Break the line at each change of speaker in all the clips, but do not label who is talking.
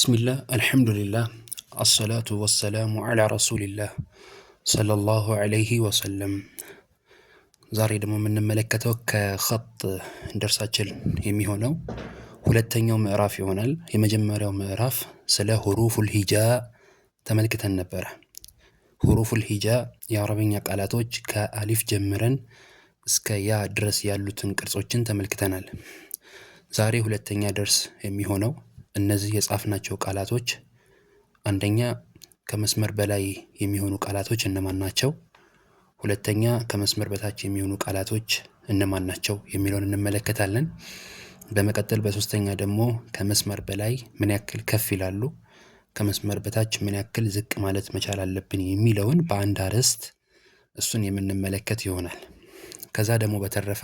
ብስሚላህ አልሐምዱሊላህ አሰላቱ ወሰላሙ አላ ረሱሊላህ ሰለላሁ አለይህ ወሰለም። ዛሬ ደግሞ የምንመለከተው ከኸጥ ደርሳችን የሚሆነው ሁለተኛው ምዕራፍ ይሆናል። የመጀመሪያው ምዕራፍ ስለ ሁሩፉል ሂጃ ተመልክተን ነበረ። ሁሩፉል ሂጃ የአረበኛ ቃላቶች ከአሊፍ ጀምረን እስከ ያ ድረስ ያሉትን ቅርጾችን ተመልክተናል። ዛሬ ሁለተኛ ደርስ የሚሆነው እነዚህ የጻፍናቸው ቃላቶች አንደኛ ከመስመር በላይ የሚሆኑ ቃላቶች እነማን ናቸው? ሁለተኛ ከመስመር በታች የሚሆኑ ቃላቶች እነማን ናቸው የሚለውን እንመለከታለን። በመቀጠል በሶስተኛ ደግሞ ከመስመር በላይ ምን ያክል ከፍ ይላሉ፣ ከመስመር በታች ምን ያክል ዝቅ ማለት መቻል አለብን የሚለውን በአንድ አርዕስት እሱን የምንመለከት ይሆናል። ከዛ ደግሞ በተረፈ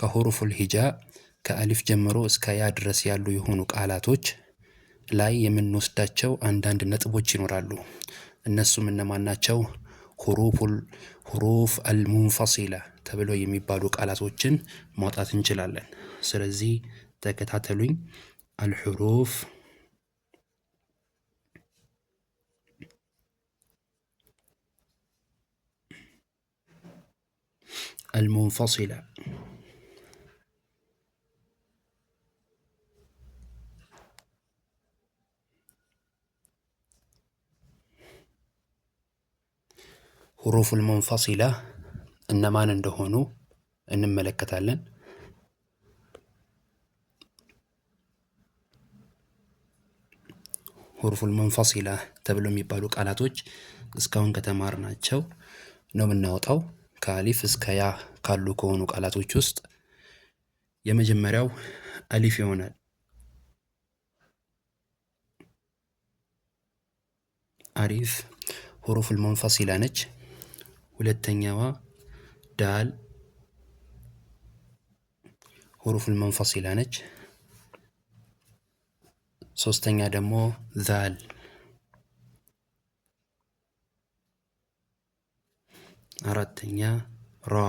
ከሁሩፉል ሂጃ ከአሊፍ ጀምሮ እስከ ያ ድረስ ያሉ የሆኑ ቃላቶች ላይ የምንወስዳቸው አንዳንድ ነጥቦች ይኖራሉ። እነሱም እነማን ናቸው? ሁሩፉል ሁሩፍ አልሙንፈሲላ ተብለው የሚባሉ ቃላቶችን ማውጣት እንችላለን። ስለዚህ ተከታተሉኝ። አልሁሩፍ አልሙንፈሲላ ሁሩፉል ሙንፈሲላ እነማን እንደሆኑ እንመለከታለን። ሁሩፉል ሙንፈሲላ ተብሎ የሚባሉ ቃላቶች እስካሁን ከተማርናቸው ነው የምናወጣው። ከአሊፍ እስከ ያ ካሉ ከሆኑ ቃላቶች ውስጥ የመጀመሪያው አሊፍ ይሆናል። አሊፍ ሁሩፉል ሙንፈሲላ ነች። ሁለተኛዋ ዳል ሁሩፍ መንፈሲላ ነች። ሶስተኛ ደግሞ ዛል አራተኛ ራ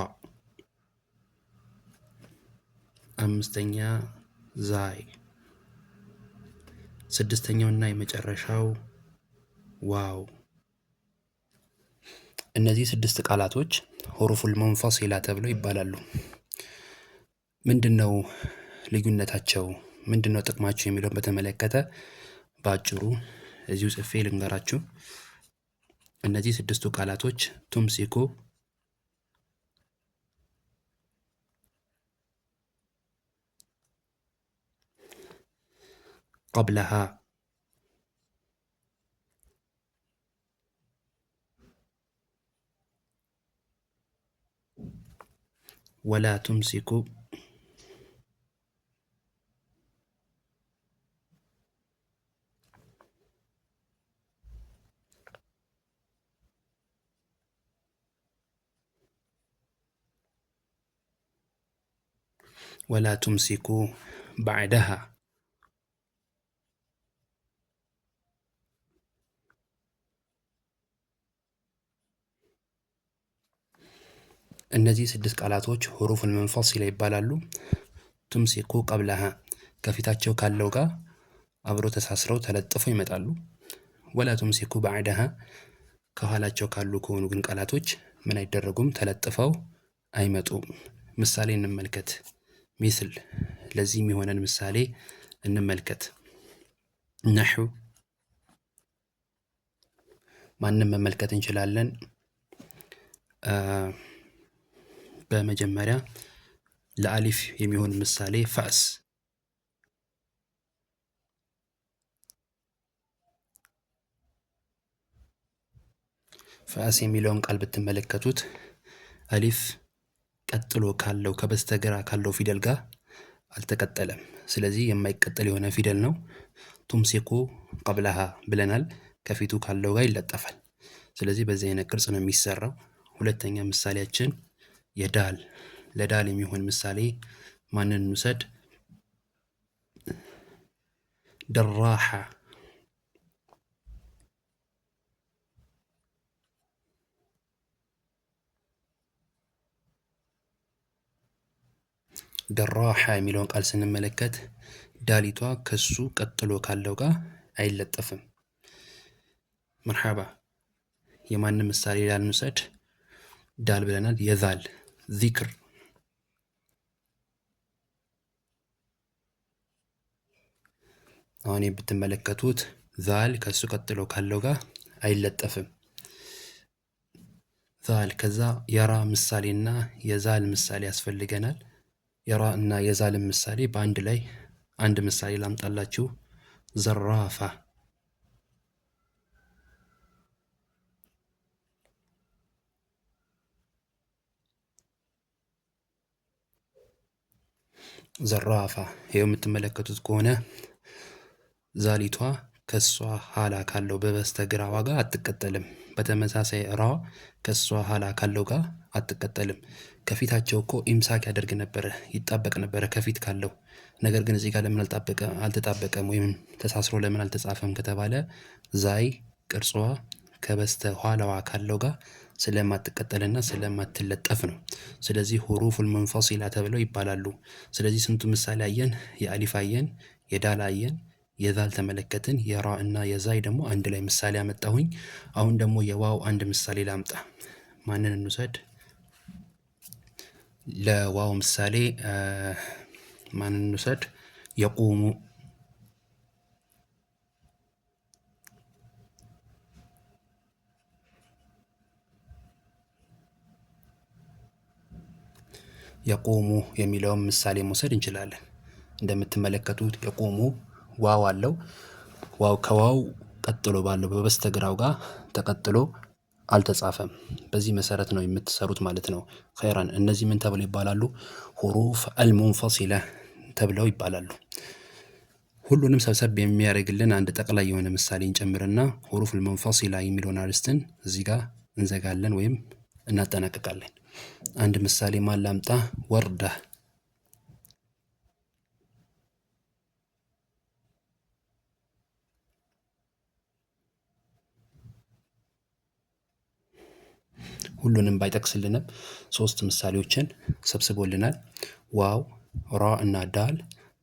አምስተኛ ዛይ ስድስተኛው እና የመጨረሻው ዋው እነዚህ ስድስት ቃላቶች ሁሩፉል መንፈሲላ ተብለው ይባላሉ። ምንድነው ልዩነታቸው? ምንድነው ጥቅማቸው? የሚለውን በተመለከተ በአጭሩ እዚሁ ጽፌ ልንገራችሁ። እነዚህ ስድስቱ ቃላቶች ቱምሲኩ፣ ቀብለሃ ولا تمسك ولا تمسكوا بعدها እነዚህ ስድስት ቃላቶች ሁሩፉል መንፈሲላ ይባላሉ። ቱምሲኩ ቀብለሃ ከፊታቸው ካለው ጋር አብሮ ተሳስረው ተለጥፈው ይመጣሉ። ወላ ቱምሲኩ በዕደሃ ከኋላቸው ካሉ ከሆኑ ግን ቃላቶች ምን አይደረጉም፣ ተለጥፈው አይመጡም። ምሳሌ እንመልከት። ሚስል ለዚህ የሚሆነን ምሳሌ እንመልከት። ነሑ ማንም መመልከት እንችላለን። በመጀመሪያ ለአሊፍ የሚሆን ምሳሌ ፋስ ፋስ የሚለውን ቃል ብትመለከቱት አሊፍ ቀጥሎ ካለው ከበስተግራ ካለው ፊደል ጋር አልተቀጠለም። ስለዚህ የማይቀጠል የሆነ ፊደል ነው። ቱምሲኩ ቀብላሃ ብለናል። ከፊቱ ካለው ጋር ይለጠፋል። ስለዚህ በዚህ አይነት ቅርጽ ነው የሚሰራው። ሁለተኛ ምሳሌያችን የዳል ለዳል የሚሆን ምሳሌ ማንን እንውሰድ? ደራሓ ደራሓ የሚለውን ቃል ስንመለከት ዳሊቷ ከሱ ቀጥሎ ካለው ጋር አይለጠፍም። መርሓባ የማንም ምሳሌ ዳል እንውሰድ? ዳል ብለናል። የዛል ዚክር አሁን የምትመለከቱት ዛል ከእሱ ቀጥሎ ካለው ጋር አይለጠፍም። ዛል ከዛ የራ ምሳሌና የዛል ምሳሌ ያስፈልገናል። የራ እና የዛልን ምሳሌ በአንድ ላይ አንድ ምሳሌ ላምጣላችሁ ዘራፋ ዘራፋ ይኸው የምትመለከቱት ከሆነ ዛሊቷ ከሷ ኋላ ካለው በበስተግራዋ ጋር አትቀጠልም። በተመሳሳይ ራ ከሷ ኋላ ካለው ጋር አትቀጠልም። ከፊታቸው እኮ ኢምሳክ ያደርግ ነበረ፣ ይጣበቅ ነበረ ከፊት ካለው ነገር ግን እዚህ ጋር ለምን አልተጣበቀም ወይም ተሳስሮ ለምን አልተጻፈም ከተባለ ዛይ ቅርጿ ከበስተ ኋላዋ ካለው ጋር ስለማትቀጠልና ስለማትለጠፍ ነው። ስለዚህ ሁሩፉል ላ ተብለው ይባላሉ። ስለዚህ ስንቱ ምሳሌ አየን። የአሊፍ አየን፣ የዳል አየን፣ የዛል ተመለከትን። የራ እና የዛይ ደግሞ አንድ ላይ ምሳሌ አመጣሁኝ። አሁን ደግሞ የዋው አንድ ምሳሌ ላምጣ። ማንን እንውሰድ? ለዋው ምሳሌ ማንን እንውሰድ? የቁሙ የቆሙ የሚለውን ምሳሌ መውሰድ እንችላለን። እንደምትመለከቱት የቆሙ ዋው አለው። ዋው ከዋው ቀጥሎ ባለው በበስተግራው ጋር ተቀጥሎ አልተጻፈም። በዚህ መሰረት ነው የምትሰሩት ማለት ነው። ኸይራን እነዚህ ምን ተብለው ይባላሉ? ሁሩፍ አልሙንፈሲለ ተብለው ይባላሉ። ሁሉንም ሰብሰብ የሚያደርግልን አንድ ጠቅላይ የሆነ ምሳሌ እንጨምርና ሁሩፍ አልሙንፈሲላ የሚለውን አርስትን እዚህ ጋር እንዘጋለን ወይም እናጠናቅቃለን። አንድ ምሳሌ ማላምጣ ወርዳ ሁሉንም ባይጠቅስልንም ሶስት ምሳሌዎችን ሰብስቦልናል። ዋው ራ እና ዳል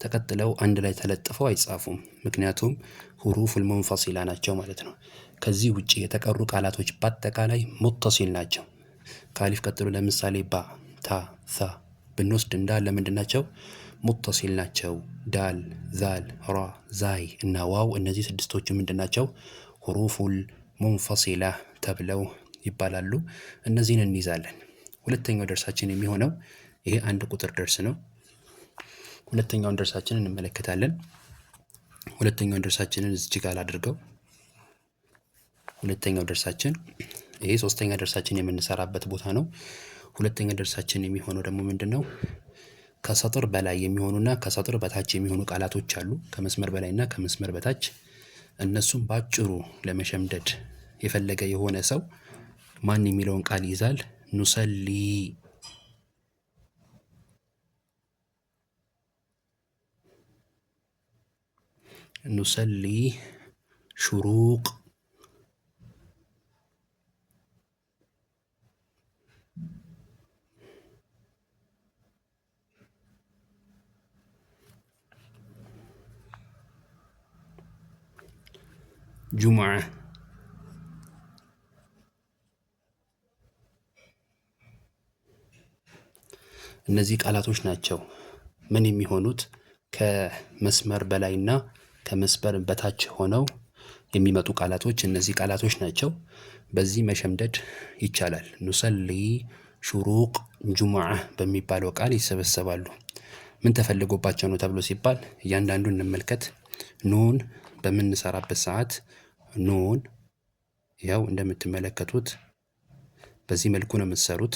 ተቀጥለው አንድ ላይ ተለጥፈው አይጻፉም፣ ምክንያቱም ሁሩፉል ሙንፈሲላ ናቸው ማለት ነው። ከዚህ ውጭ የተቀሩ ቃላቶች በአጠቃላይ ሙተሲል ናቸው። ከአሊፍ ቀጥሎ ለምሳሌ ባ፣ ታ፣ ሳ ብንወስድ እንዳል ለምንድ ናቸው? ሙተሲል ናቸው። ዳል፣ ዛል፣ ራ፣ ዛይ እና ዋው እነዚህ ስድስቶቹ ምንድን ናቸው? ሁሩፉል ሙንፈሲላ ተብለው ይባላሉ። እነዚህን እንይዛለን። ሁለተኛው ደርሳችን የሚሆነው ይሄ አንድ ቁጥር ደርስ ነው። ሁለተኛውን ደርሳችንን እንመለከታለን። ሁለተኛውን ደርሳችንን እዚህ ጋር አድርገው ሁለተኛው ደርሳችን ይሄ ሶስተኛ ደርሳችን የምንሰራበት ቦታ ነው። ሁለተኛ ደርሳችን የሚሆነው ደግሞ ምንድን ነው? ከሰጥር በላይ የሚሆኑና ከሰጥር በታች የሚሆኑ ቃላቶች አሉ። ከመስመር በላይና ከመስመር በታች እነሱም በአጭሩ ለመሸምደድ የፈለገ የሆነ ሰው ማን የሚለውን ቃል ይዛል? ኑሰሊ ኑሰሊ ሹሩቅ ጁሙዓ እነዚህ ቃላቶች ናቸው ምን የሚሆኑት ከመስመር በላይና ከመስመር በታች ሆነው የሚመጡ ቃላቶች እነዚህ ቃላቶች ናቸው። በዚህ መሸምደድ ይቻላል። ኑሰሊ ሹሩቅ ጁሙዓ በሚባለው ቃል ይሰበሰባሉ። ምን ተፈልጎባቸው ነው ተብሎ ሲባል እያንዳንዱን እንመልከት። ኑን በምንሰራበት ሰዓት ኖን ያው እንደምትመለከቱት በዚህ መልኩ ነው የምትሰሩት።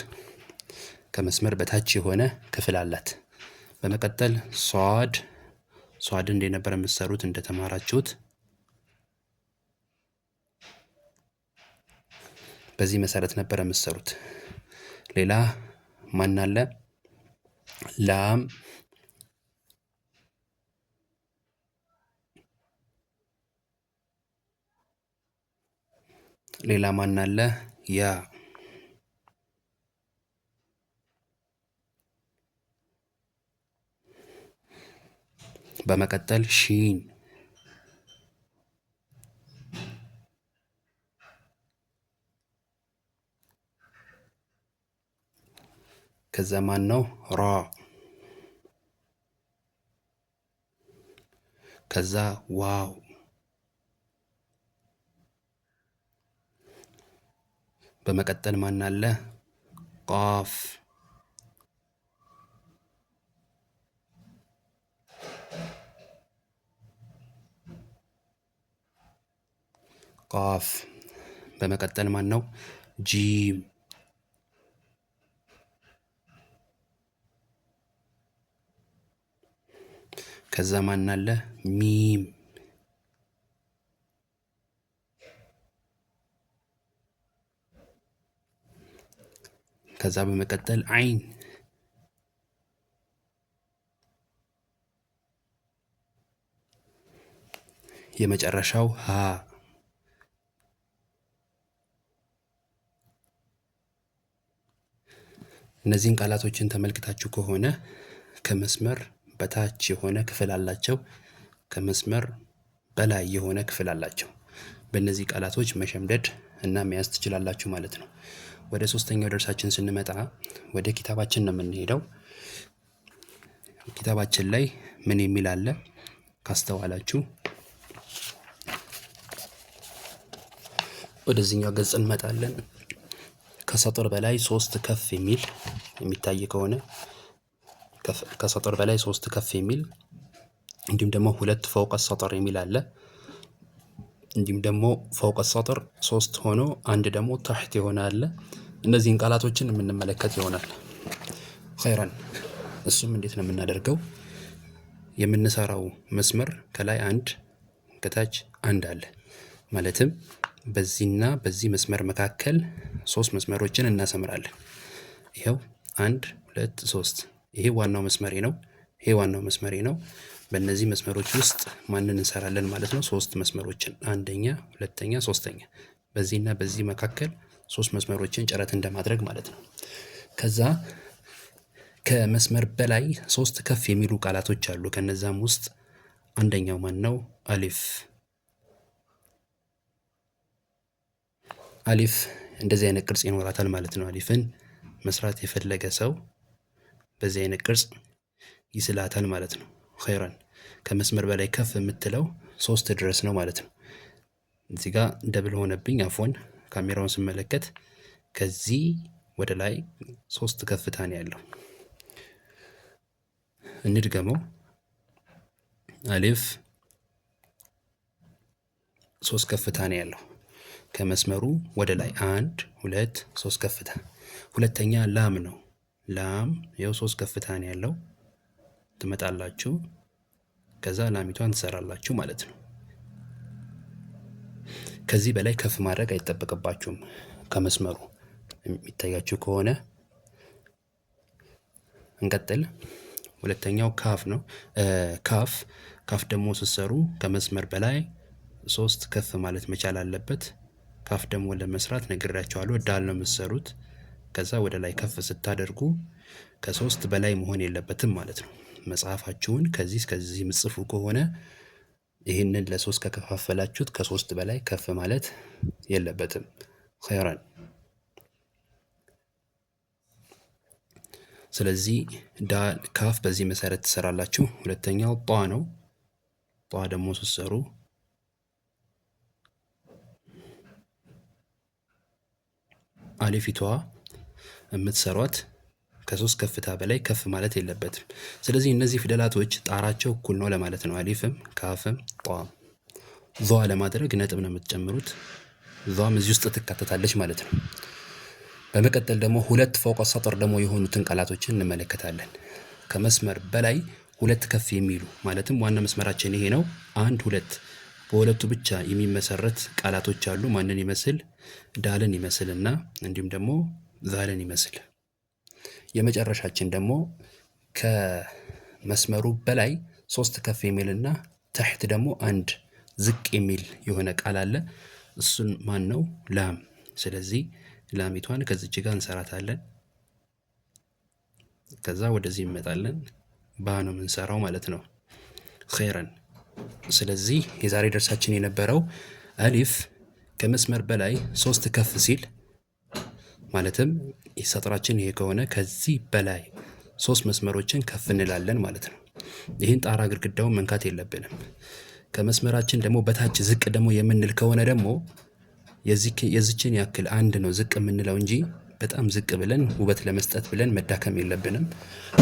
ከመስመር በታች የሆነ ክፍል አላት። በመቀጠል ሷድ ሷድ እንደነበረ የምትሰሩት እንደተማራችሁት በዚህ መሰረት ነበረ የምትሰሩት። ሌላ ማን አለ? ላም ሌላ ማን አለ? ያ በመቀጠል ሺን ከዛ ማን ነው? ራ ከዛ ዋው በመቀጠል ማን አለ? ቃፍ ቃፍ። በመቀጠል ማን ነው? ጂም ከዛ ማን አለ? ሚም ከዛ በመቀጠል አይን የመጨረሻው ሀ እነዚህን ቃላቶችን ተመልክታችሁ ከሆነ ከመስመር በታች የሆነ ክፍል አላቸው፣ ከመስመር በላይ የሆነ ክፍል አላቸው። በእነዚህ ቃላቶች መሸምደድ እና መያዝ ትችላላችሁ ማለት ነው። ወደ ሶስተኛው ደርሳችን ስንመጣ ወደ ኪታባችን ነው የምንሄደው። ኪታባችን ላይ ምን የሚል አለ ካስተዋላችሁ ወደዚህኛው ገጽ እንመጣለን። ከሰጦር በላይ ሶስት ከፍ የሚል የሚታይ ከሆነ ከሰጦር በላይ ሶስት ከፍ የሚል እንዲሁም ደግሞ ሁለት ፈውቀ ሰጦር የሚል አለ። እንዲሁም ደግሞ ፈውቀ ሰጦር ሶስት ሆኖ አንድ ደግሞ ታሕት የሆነ አለ። እነዚህን ቃላቶችን የምንመለከት ይሆናል። ኸይረን እሱም እንዴት ነው የምናደርገው? የምንሰራው መስመር ከላይ አንድ ከታች አንድ አለ ማለትም በዚህና በዚህ መስመር መካከል ሶስት መስመሮችን እናሰምራለን። ይኸው አንድ ሁለት ሶስት። ይሄ ዋናው መስመሬ ነው። ይሄ ዋናው መስመሬ ነው። በእነዚህ መስመሮች ውስጥ ማንን እንሰራለን ማለት ነው? ሶስት መስመሮችን፣ አንደኛ፣ ሁለተኛ፣ ሶስተኛ። በዚህና በዚህ መካከል ሶስት መስመሮችን ጭረት እንደማድረግ ማለት ነው። ከዛ ከመስመር በላይ ሶስት ከፍ የሚሉ ቃላቶች አሉ። ከነዛም ውስጥ አንደኛው ማን ነው? አሊፍ። አሊፍ እንደዚህ አይነት ቅርጽ ይኖራታል ማለት ነው። አሊፍን መስራት የፈለገ ሰው በዚህ አይነት ቅርጽ ይስላታል ማለት ነው። ኸይረን ከመስመር በላይ ከፍ የምትለው ሶስት ድረስ ነው ማለት ነው። እዚህ ጋር ደብል ሆነብኝ አፎን ካሜራውን ስመለከት ከዚህ ወደ ላይ ሶስት ከፍታ ነው ያለው። እንድገመው። አሌፍ ሶስት ከፍታ ነው ያለው ከመስመሩ ወደ ላይ አንድ ሁለት ሶስት ከፍታ። ሁለተኛ ላም ነው። ላም ያው ሶስት ከፍታ ነው ያለው። ትመጣላችሁ፣ ከዛ ላሚቷን ትሰራላችሁ ማለት ነው። ከዚህ በላይ ከፍ ማድረግ አይጠበቅባችሁም። ከመስመሩ የሚታያችሁ ከሆነ እንቀጥል። ሁለተኛው ካፍ ነው። ካፍ ካፍ ደግሞ ስትሰሩ ከመስመር በላይ ሶስት ከፍ ማለት መቻል አለበት። ካፍ ደግሞ ለመስራት ነግራችኋለሁ። ዳል ነው የምትሰሩት። ከዛ ወደ ላይ ከፍ ስታደርጉ ከሶስት በላይ መሆን የለበትም ማለት ነው። መጽሐፋችሁን ከዚህ እስከዚህ ምጽፉ ከሆነ ይህንን ለሶስት ከከፋፈላችሁት ከሶስት በላይ ከፍ ማለት የለበትም። ኸይረን ስለዚህ ዳል ካፍ በዚህ መሰረት ትሰራላችሁ። ሁለተኛው ጧ ነው። ጧ ደግሞ ስትሰሩ አሊፊቷ የምትሰሯት ከሶስት ከፍታ በላይ ከፍ ማለት የለበትም። ስለዚህ እነዚህ ፊደላቶች ጣራቸው እኩል ነው ለማለት ነው። አሊፍም ካፍም ጧም ዟ ለማድረግ ነጥብ ነው የምትጨምሩት። ዟም እዚህ ውስጥ ትካተታለች ማለት ነው። በመቀጠል ደግሞ ሁለት ፎቀ ሰጥር ደግሞ የሆኑትን ቃላቶችን እንመለከታለን። ከመስመር በላይ ሁለት ከፍ የሚሉ ማለትም ዋና መስመራችን ይሄ ነው። አንድ ሁለት በሁለቱ ብቻ የሚመሰረት ቃላቶች አሉ። ማንን ይመስል ዳልን ይመስልና እንዲሁም ደግሞ ዛልን ይመስል የመጨረሻችን ደግሞ ከመስመሩ በላይ ሶስት ከፍ የሚል እና ተሕት ደግሞ አንድ ዝቅ የሚል የሆነ ቃል አለ። እሱን ማን ነው? ላም። ስለዚህ ላሚቷን ከዚች ጋር እንሰራታለን። ከዛ ወደዚህ እንመጣለን። ባ ነው የምንሰራው ማለት ነው። ኸይረን። ስለዚህ የዛሬ ደርሳችን የነበረው አሊፍ ከመስመር በላይ ሶስት ከፍ ሲል ማለትም ሰጥራችን ይሄ ከሆነ ከዚህ በላይ ሶስት መስመሮችን ከፍ እንላለን ማለት ነው። ይህን ጣራ ግድግዳውን መንካት የለብንም። ከመስመራችን ደግሞ በታች ዝቅ ደግሞ የምንል ከሆነ ደግሞ የዚችን ያክል አንድ ነው ዝቅ የምንለው እንጂ በጣም ዝቅ ብለን ውበት ለመስጠት ብለን መዳከም የለብንም።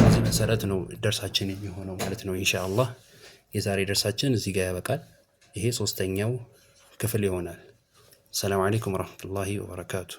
በዚህ መሰረት ነው ደርሳችን የሚሆነው ማለት ነው። ኢንሻአላህ የዛሬ ደርሳችን እዚህ ጋር ያበቃል። ይሄ ሶስተኛው ክፍል ይሆናል። ሰላም አለይኩም ወረህመቱላሂ ወበረካቱ።